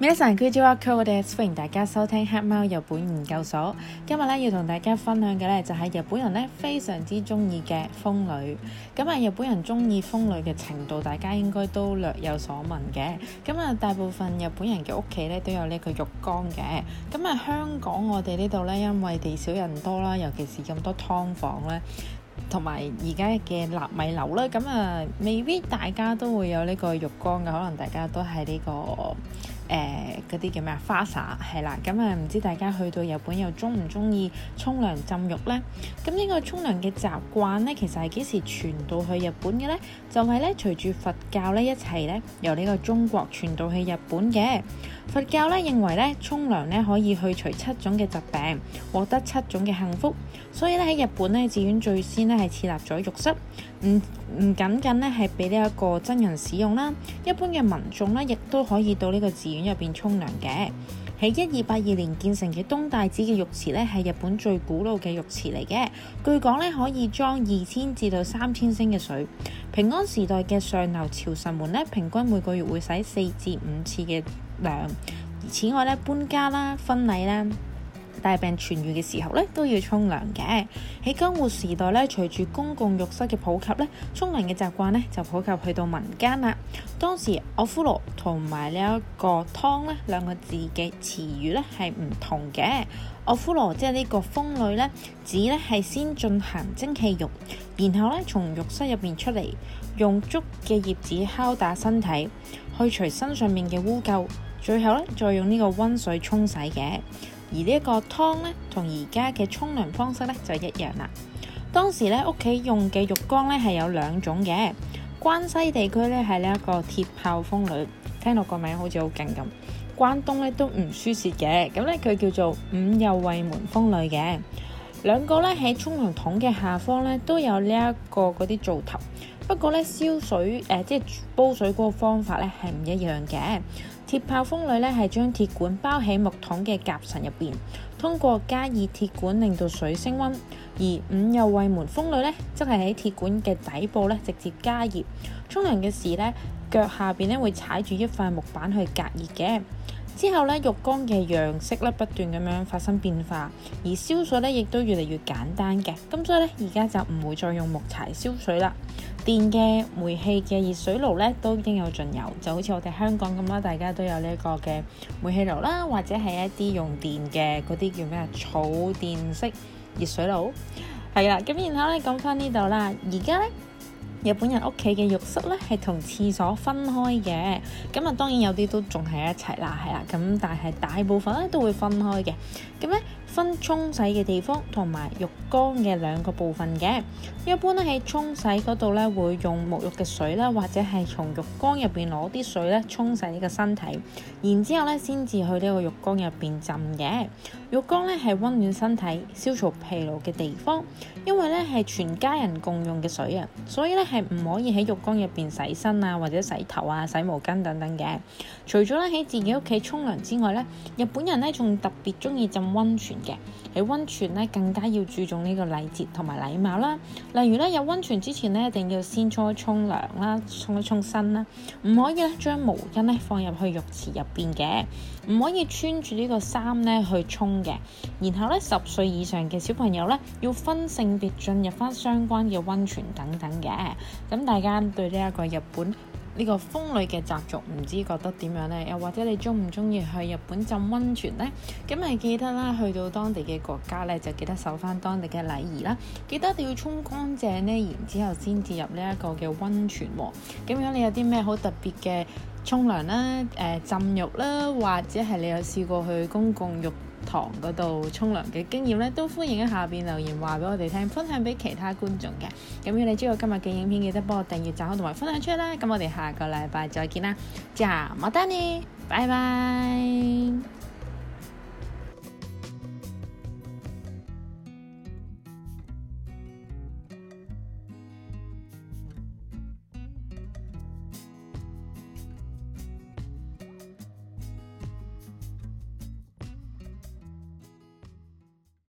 晚上 good evening，我哋歡迎大家收聽黑貓日本研究所。今日咧要同大家分享嘅咧就係日本人咧非常之中意嘅風呂。咁啊，日本人中意風呂嘅程度，大家應該都略有所聞嘅。咁啊，大部分日本人嘅屋企咧都有呢個浴缸嘅。咁啊，香港我哋呢度咧，因為地少人多啦，尤其是咁多劏房啦，同埋而家嘅納米樓啦，咁啊，未必大家都會有呢個浴缸嘅，可能大家都係呢個。誒，嗰啲叫咩啊？花灑係啦。咁啊，唔知大家去到日本又鍾唔鍾意沖涼浸浴呢？咁、嗯、呢、呢個沖涼嘅習慣呢，其實係幾時傳到去日本嘅呢？就係、是、呢，隨住佛教呢一齊呢，由呢個中國傳到去日本嘅。佛教咧認為咧沖涼咧可以去除七種嘅疾病，獲得七種嘅幸福，所以咧喺日本咧寺院最先咧係設立咗浴室，唔唔僅僅咧係俾呢一個僧人使用啦，一般嘅民眾咧亦都可以到呢個寺院入邊沖涼嘅。喺一二八二年建成嘅東大寺嘅浴池咧係日本最古老嘅浴池嚟嘅，據講咧可以裝二千至到三千升嘅水。平安時代嘅上流朝臣們咧平均每個月會洗四至五次嘅。涼。而此外咧，搬家啦、婚禮啦、大病痊愈嘅時候咧，都要沖涼嘅。喺江戶時代咧，隨住公共浴室嘅普及咧，沖涼嘅習慣咧就普及去到民間啦。當時，奧夫羅同埋呢一個湯咧兩個字嘅詞語咧係唔同嘅。奧夫羅即係呢個風呂咧，指咧係先進行蒸汽浴，然後咧從浴室入面出嚟，用竹嘅葉子敲打身體，去除身上面嘅污垢。最後咧，再用呢個温水沖洗嘅。而呢一個湯咧，同而家嘅沖涼方式咧就一樣啦。當時咧屋企用嘅浴缸咧係有兩種嘅。關西地區咧係呢一個鐵炮風呂，聽落個名好似好勁咁。關東咧都唔輸蝕嘅，咁咧佢叫做五右衛門風呂嘅。兩個咧喺沖涼桶嘅下方咧都有呢一個嗰啲灶頭。不過咧，燒水誒、呃，即係煲水嗰個方法咧，係唔一樣嘅。鐵炮風呂咧，係將鐵管包喺木桶嘅夾層入邊，通過加熱鐵管令到水升温；而五右衛門風呂咧，則係喺鐵管嘅底部咧直接加熱。沖涼嘅時咧，腳下邊咧會踩住一塊木板去隔熱嘅。之後咧，浴缸嘅樣式咧不斷咁樣發生變化，而燒水咧亦都越嚟越簡單嘅。咁所以咧，而家就唔會再用木柴燒水啦。電嘅、煤氣嘅熱水爐咧都應有盡有，就好似我哋香港咁啦，大家都有呢一個嘅煤氣爐啦，或者係一啲用電嘅嗰啲叫咩啊？儲電式熱水爐係啦。咁然後咧，講翻呢度啦，而家咧。日本人屋企嘅浴室咧係同廁所分開嘅，咁啊當然有啲都仲係一齊啦，係啦，咁但係大部分咧都會分開嘅，咁咧分沖洗嘅地方同埋浴缸嘅兩個部分嘅。一般咧喺沖洗嗰度咧會用沐浴嘅水啦，或者係從浴缸入邊攞啲水咧沖洗呢個身體，然之後咧先至去呢個浴缸入邊浸嘅。浴缸咧係溫暖身體、消除疲勞嘅地方，因為咧係全家人共用嘅水啊，所以咧。係唔可以喺浴缸入邊洗身啊，或者洗頭啊、洗毛巾等等嘅。除咗咧喺自己屋企沖涼之外咧，日本人咧仲特別中意浸温泉嘅。喺温泉咧更加要注重呢個禮節同埋禮貌啦。例如咧有温泉之前咧，一定要先沖一沖涼啦，沖一沖身啦。唔可以咧將毛巾咧放入去浴池入邊嘅，唔可以穿住呢個衫咧去沖嘅。然後咧十歲以上嘅小朋友咧要分性別進入翻相關嘅温泉等等嘅。咁大家對呢一個日本呢個風呂嘅習俗唔知覺得點樣呢？又或者你中唔中意去日本浸溫泉呢？咁咪記得啦，去到當地嘅國家呢，就記得守翻當地嘅禮儀啦。記得要沖乾淨呢，然之後先至入呢一個嘅溫泉喎。咁樣你有啲咩好特別嘅沖涼啦？誒、呃、浸浴啦，或者係你有試過去公共浴？堂嗰度沖涼嘅經驗咧，都歡迎喺下邊留言話俾我哋聽，分享俾其他觀眾嘅。咁如果你鍾意今日嘅影片，記得幫我訂閱、讚好同埋分享出去啦。咁我哋下個禮拜再見啦，じゃあまたね，拜拜。